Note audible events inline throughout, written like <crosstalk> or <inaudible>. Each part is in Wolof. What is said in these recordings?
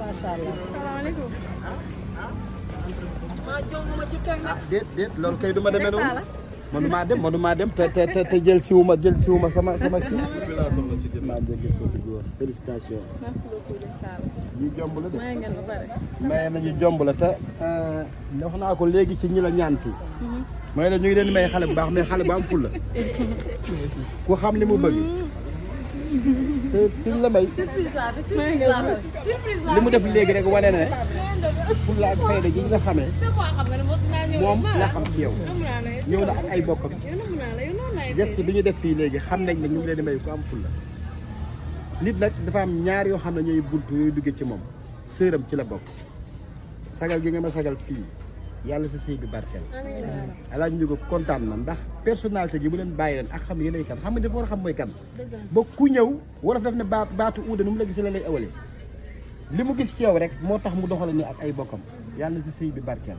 macha allah. salaamaaleykum. maa jonguma ci kër nag. ah déet déet loolu kay du ma noonu. mënumaa dem mënumaa dem te te te jël si ma jël si ma sama sama kii. maa dégg di góor félicitations. merci beaucoup. ñu jomb la de. maye ngeen ba pare. maye nañu jomb la te. Euh, wax naa ko léegi ci ñi la ñaan si. mooy la ñu ngi leen may xale bu baax mais xale bu am fula. <laughs> ku xam li mu bëgg. Mm. te duñ la may. surprise li mu def léegi rek wane na pour la fayda ji nga xamee. moom la xam ci yow. ñëw na ak ay bokkam. geste bi ñu def fii léegi xam nañ ne ñu ngi leen di may ku am fulla nit nag dafa am ñaar yoo xam ne ñooy buntu yooyu duggee ci moom sëram ci la bokk sagal gi nga ma sagal fii. yàlla sa sëy bi barkeel alaaj njógo kontaan na ndax personnalité gi mu leen bàyyi leen ak xam yéenay kan xam nga dafa war a xam mooy kan ba ku ñëw wolof daf ne baat baatu uuda nu mu la gisee la lay awale li mu gis ci yow rek moo tax mu doxal ni ak ay bokkam yàlla sa sëy bi barkeel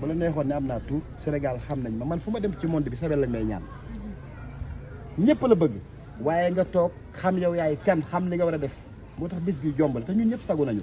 ba la neexoon ne am naa tu Sénégal xam nañ ma man fu ma dem ci monde bi sabel lañ may ñaan ñëpp la bëgg waaye nga toog xam yaw yaay kan xam li nga war a def moo tax bis bi jombal te ñun ñëpp sagu nañu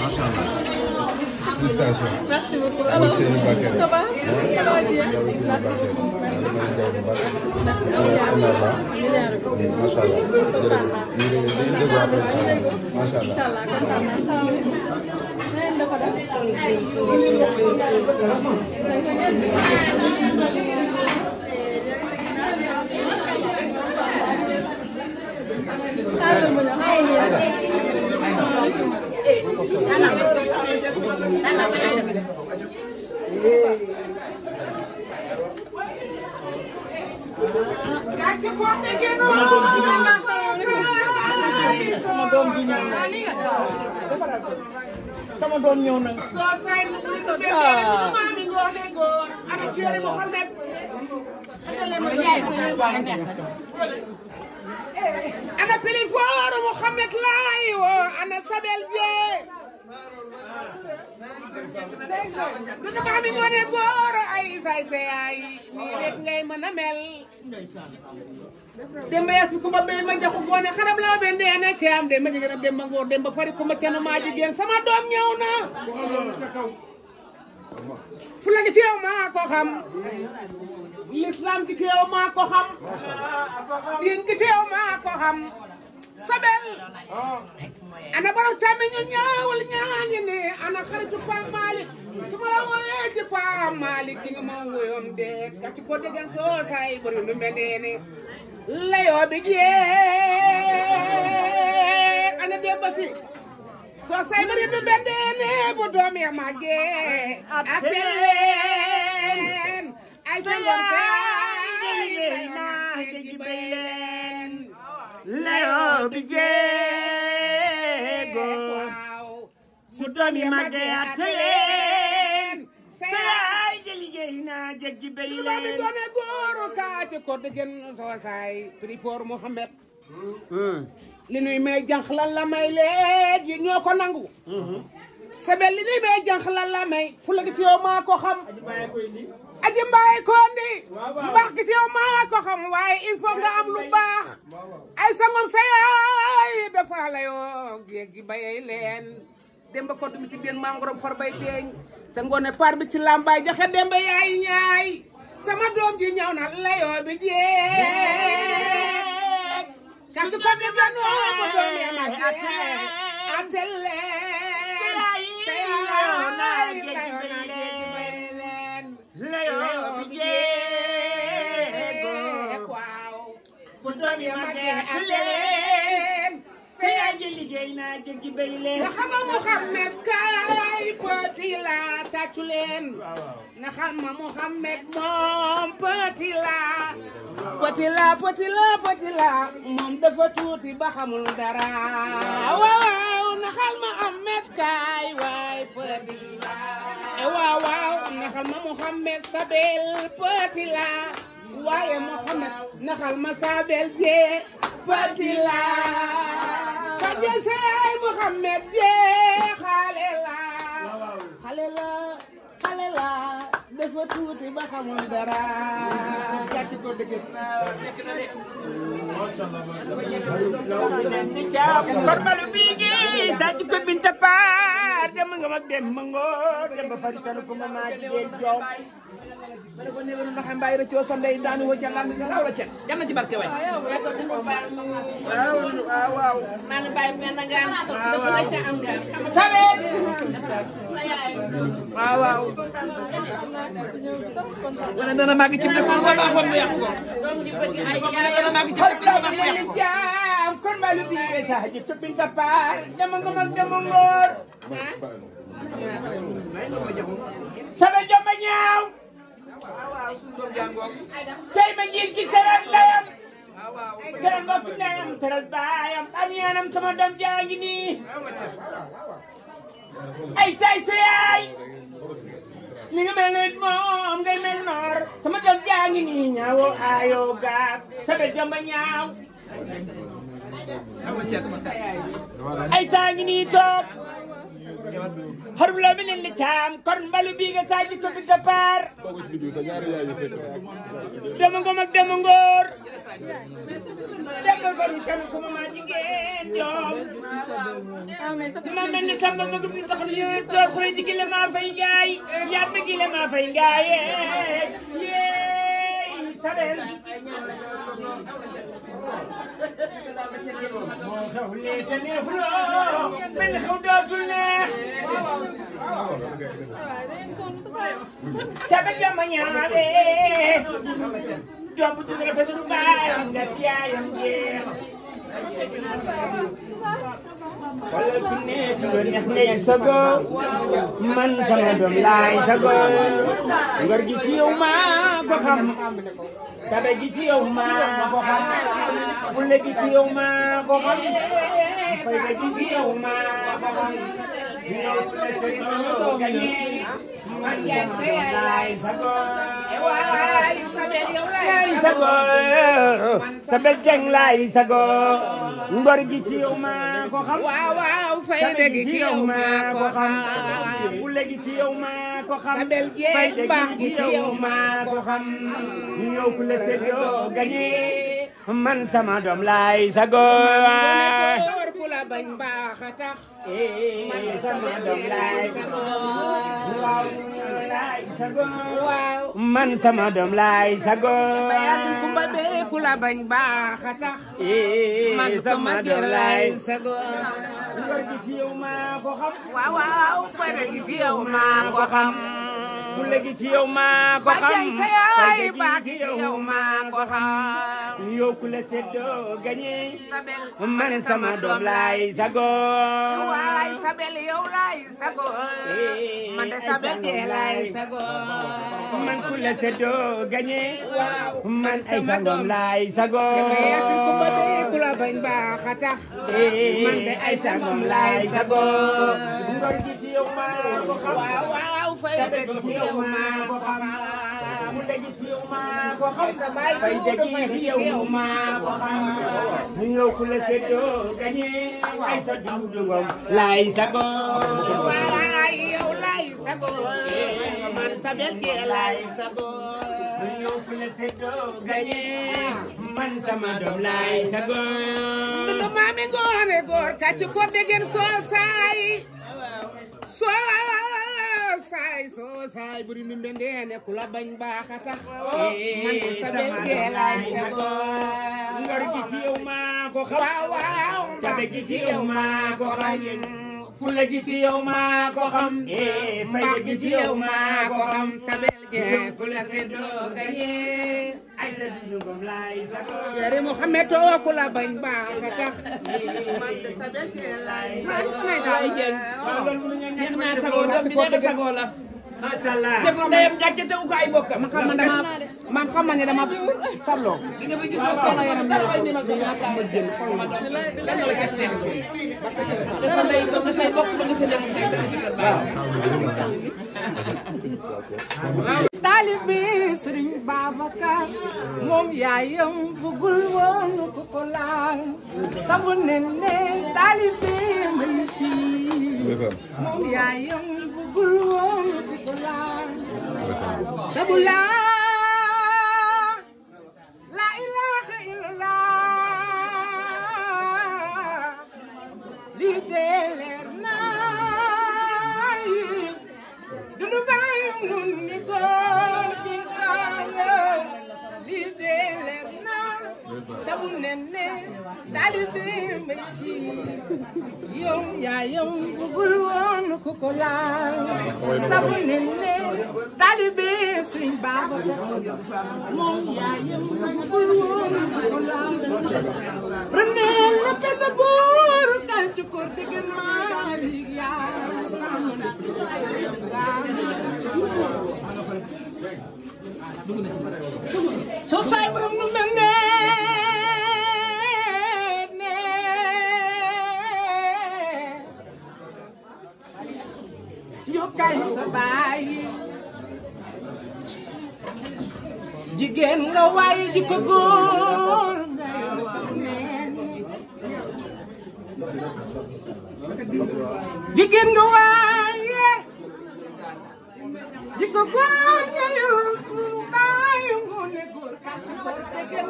macha allah. félicitations. merci beaucoup alors ça va. ça va bien. merci beaucoup merci. merci beaucoup. macha allah. Gracias. sama doom ñëw na. soo say mu ko fekkee rek su ana chéri Mohamed. ana pilifoor Mohamed laay woo ana Sabel Jee. nii rek ngay mën a demba yaasi kumba bey ma jaxu goone xarab laa be ndeene caam de ma jege na demba ngoor demba fari kumba cana maaji geen sama doom ñëw na fula gi teew maa ko xam lislaam gi teew maa ko xam sabel ana borom càmmi ñu ñaawul ñaañi ne ana xaritu Pape Malick su ma la Malick dinga ma woyoon de kati degen soo say bari lu mel ne layoo bi jeex ana de basi soo say doom ya màggee ak ay sa ngoon say naa ji bay leen doom ya màggee ak ma jeggi bey leen luma mi gone góoru kaati ko digin soosaay prifoor Mohamed hmm. li nuy may janq lan la may léegi ñoo ko nangu hmm. sebel li nuy may janq lan la may fula gi ci yow maa ko xam aji mbaay kondi mbax gi ci xam waaye il faut nga am lu baax ay sangom sa yaay dafa la yoo jeggi bayay leen demba ko dum ci den maam far bay teeñ te ngoone par bi ci làmbaay jaxe dembe yaay ñaay sama doom ji ñaw na layoo bi jeeg kàtt ko di ganoo ba doom ya na ate ate leen say layoo na jeeg bay leen layoo bi bu doom ya ma jeeg ate liggéey naa jéggi béy leen. naxal ma Mouhamed kaay petit la tàccu leen. naxal ma Mouhamed moom petit la. petit la petit la petit la moom dafa tuuti ba xamul dara. waaw naxal ma Ahmed kaay waay petit la. waaw waaw naxal ma Mouhamed Sabel petit la. waaye Mouhamed naxal ma Sabel jee petit la. xaja say Muhammad jee xale la xale la xale la dafa tuuti ba xamul dara gàcce ko dëgg macha Allah jaar dem nga mag dem ma ngoor dem ba fari kan ko ma maa jigéen joow ma ne ko néewoon ndax mbaay rëccoo sa ndey daanu wacca lamb nga law la cet yal na ci barke waay waaw maa ngi nga salee waaw waaw wala dana màgg ci bu ko baaxoon ko dana màgg ci bu ko baaxoon mu yàq ko kon balu biire saaji to binta paar demongo mag demongoor sama jomba ñaaw tey ma njiin ki teral ndeyam teral mbokk ndeyam teral baayam am yaanam sama doom jaangi ay tay sa yaay ni mel nit moom ngay mel noor sama doom jaangi nii ñaawoo aayoo gaaf jomba ñaaw ay saa ngi nii toog xarula bi leen li taam kon mbalu bii nga saa ngi ko bi départ dama ngom ak dama ngóor dama bari kan ko ma jigéen doom ma mel ni samba ma gëm ni tax ñu toog xoy ji gile maa fay ngaay yaat ma gile maa fay ngaay yeey sadel خوليتني فلوم من خودات الناس سبق يا من يعلي جابت الغفل بايم قتيا يمجير wala bu nekk lu neex ngay sago man sama doom laay sago ngor gi ci yow maa ko xam tabe gi ci yow maa ko xam fulle gi ci yow maa ko xam fayda gi ci yow maa ko xam yow nekk ci yow man sama doom laay sago sabel jeng laay sago ngor gi ci yow maa ko xam waaw waaw fayda gi ci yow maa ko xam fulla gi ci yow maa ko xam sabel jeng baax gi ci yow maa ko xam ñu ñëw ku la séddoo gañe man sama doom laay sago ku la bañ baax a tax man sama doom laay sago man sama doom laay sago bayaasin kumba bee ku la bañ baax a tax man sama doom laay sago ngor gi ci yow maa ko waaw waaw ngor gi ci yow maa ko ku léegi ci yow maa ko xam ba ci yow maa ko xam yow ku la seddoo gañe man sama doom laay sago waay sabel yow laay sago man de sabel tee laay sago ku la seddoo gañe man ay sa doom laay sago ku la bañ baax a tax man de ay sa doom laay sago ngor gi ci yow maa ko xam fayda yow maa ko xam mu daje ci yow maa ko xam fayda ci yow maa ko xam mu yow ku la seddoo gañe ay sa dundu ngom laay sa góor waay yow laay sa góor man sa belge laay sa góor mu yow ku la seddoo gañe ah. man sama doom laay sa góor ndu maame ngoone góor ka ci ko degen soo saay saay soo saay buri mi mbendee ne ku la bañ baax a tax eh, maa ko xam waaw waaw tabe ci yow maa ko xam eh, ci yow maa ko xam ci yow maa ko xam sa bengee ku gañee Chéri Mouhamed too oh, wa ku la bañ baax a tax man de sabet ah, ah, laay ah, neex naa sagoo doom bi nekk sagoo la macha allah déglu ndeyam gàcce teewu ko ay bokkam. man xam ma dama man xam ma ne dama farloo. li nga bëgg a farloo yaram bi la ko yaakaar ma jël. lan la gàcce te sa ndey ba nga say bokk ba nga sa lépp nekk si kër baax. taalibe sëriñ Babacar moom yaayam bëggul woon ku ko laal sabu nen ne taalibe mëlisi moom yaayam bëggul woon ku ko laal leen ne taalibe mbay si yow yaa yow bëggul woon ku ko laal sabu leen ne taalibe suñ baaba moom yaa yow bëggul woon ku ko laal remeel na benn boor kan ci koor dëgër Maalik yaa sàmm na so say borom kay jigéen nga waaye jikko góor nga yor sa neen jigéen nga waaye jikko góor nga yor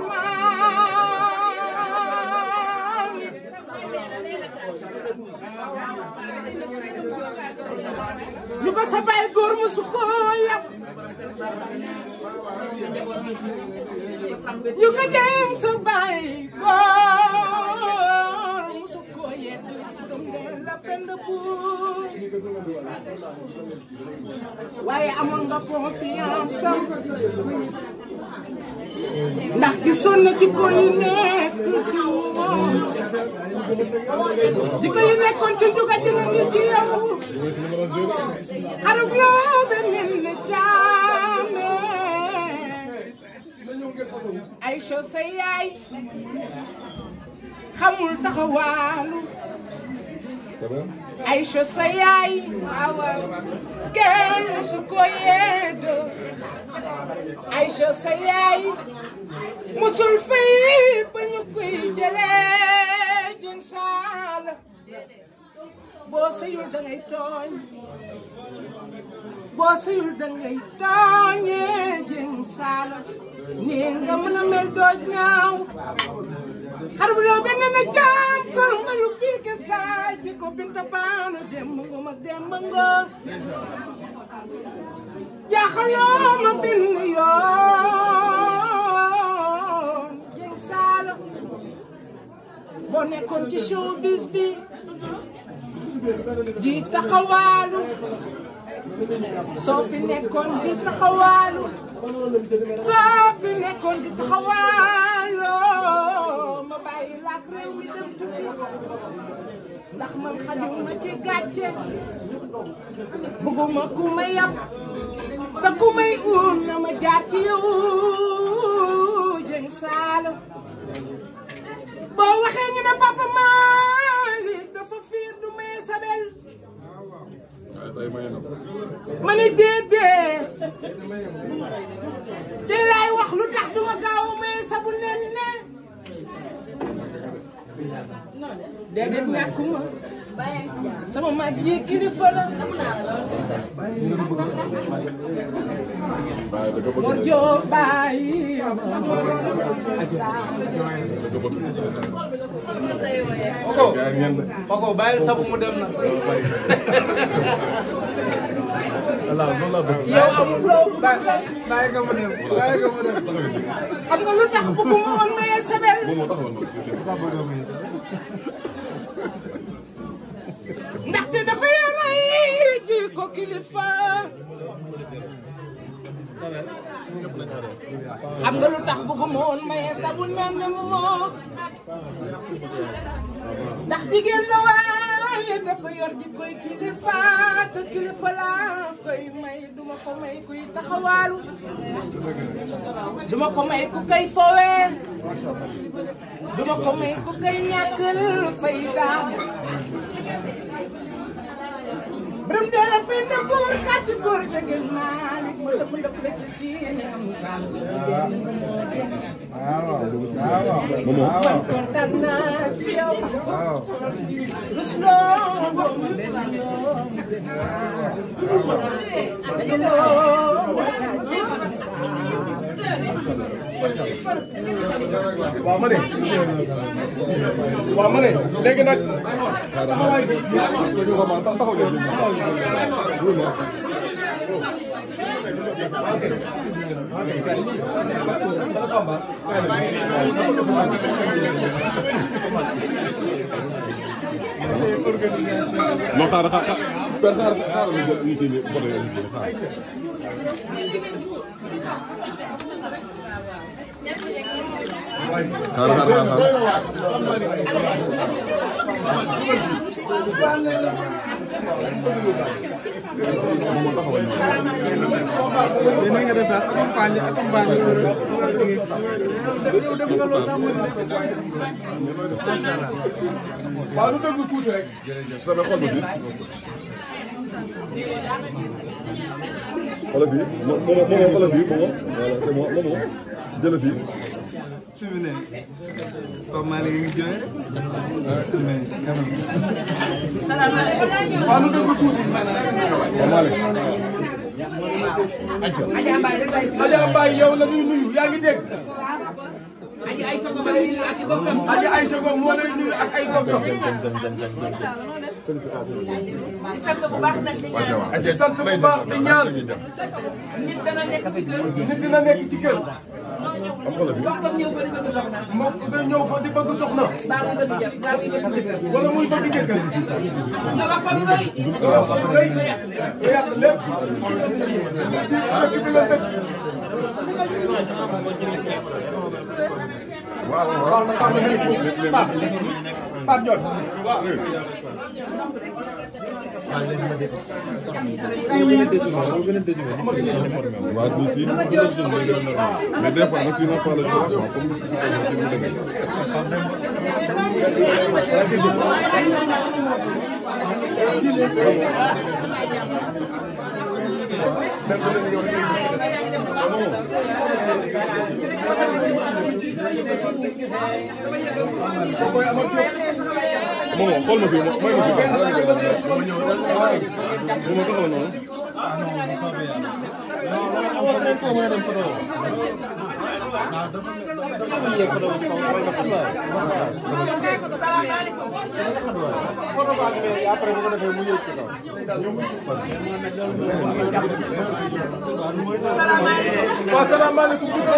maa ba sa baay góor musu ko yab ñu ko jëm sa baay góor musu ko yet la pend bu waaye amoon nga confiance am ndax gisoon na jikko yi ne jikko yi nekkoon ci juga ci na ni ci yow xarug ay soo sa xamul taxawaalu ay soo sa yaay kenn su ko ay soo sa yaay musul fay ba risaala boo sëyul da ngay tooñ boo sëyul da ngay tooñee jëng saala nii nga mën a mel ñaaw xar bu loo benn na jaam kor mayu piike saay ji ko binta baanu dem ngom ak dem ngoor ma bind nekkoon ko showbiz bi di taxawaalu soo fi nekkoon di taxawaalu soo fi nekkoon di taxawaalu ma bàyyi laak réew mi dem tukki ndax man xajuma ku ma yab te ma jaar ci waxee ñu ne papa Malick dafa fiir du maye sabel ah, ma ne déedéet te laay Koko Koko bàyyil sabu mu dem na. voilà loolu la bëgg. yow amul loo bàyyi ko mu dem bàyyi ko mu dem. xam nga lu tax bëggu ma woon maye sebel. ndaxte dafa yore ji ko kilifa. xam nga tax bëgguma woon maye sabu naan na mu moo ndax jigéen la waaye dafa yor ji koy kilifa te koy may duma ko may kuy taxawaalu duma ko may ku koy fowee duma ko may ku koy ñàkkal fay Borom de la penda buur kàcc góor jëgel maane mu dëpp dëpp la ci siine am kaam si man kontaan naa ci yow rus loo boobu la ñoo waaw ma ne waaw ma ne léegi nag taxawaay bi taxaw leen moo xaar xaar xaar xaar nit ñi xaar xaar xaar xaar dina nga def daal accompagner accompagner yow def nga loolu sax mën na waaw lu déglu tuuti rek sama xol bi xol bi moom moom xol bi moom voilà c'est moi moom jëlëf yi. su ma nee Pape Malick ñu jooyee. waaw lu déglu tuuti. Pape Malick. Adja Mbaye yow la ñuy nuyu yaa ngi dégg. Adja Aïssa Gom moo lay nuyu ak ay bokkam. di sant bu baax nag di ñaan. di sant bu baax di ñaan. nit dana nekk ci kër. nit dina nekk ci kër. am xolo bi mbokk ñëw fa di bëgg soxna. mbokk ba ñëw fa di bëgg soxna. baa muy bëgg jël baa muy bëgg jël. wala muy bëgg jëkkër. nga wax fa lu rëy. nga wax fa lu rëy. nga yàq lépp. waaw waaw Pape Pape Ndiol waaw. waaw du si mu gën a sonn day gën a normal mais des fois nag tu n'as pas le choix quoi comme si mu demee. Thank you. moom xool ma fi ma may ma fi baax ma ñëw rek bu ma taxaw noonu. ah non bu soobee yàlla. non loolu am photo waaw salaamaaleykum.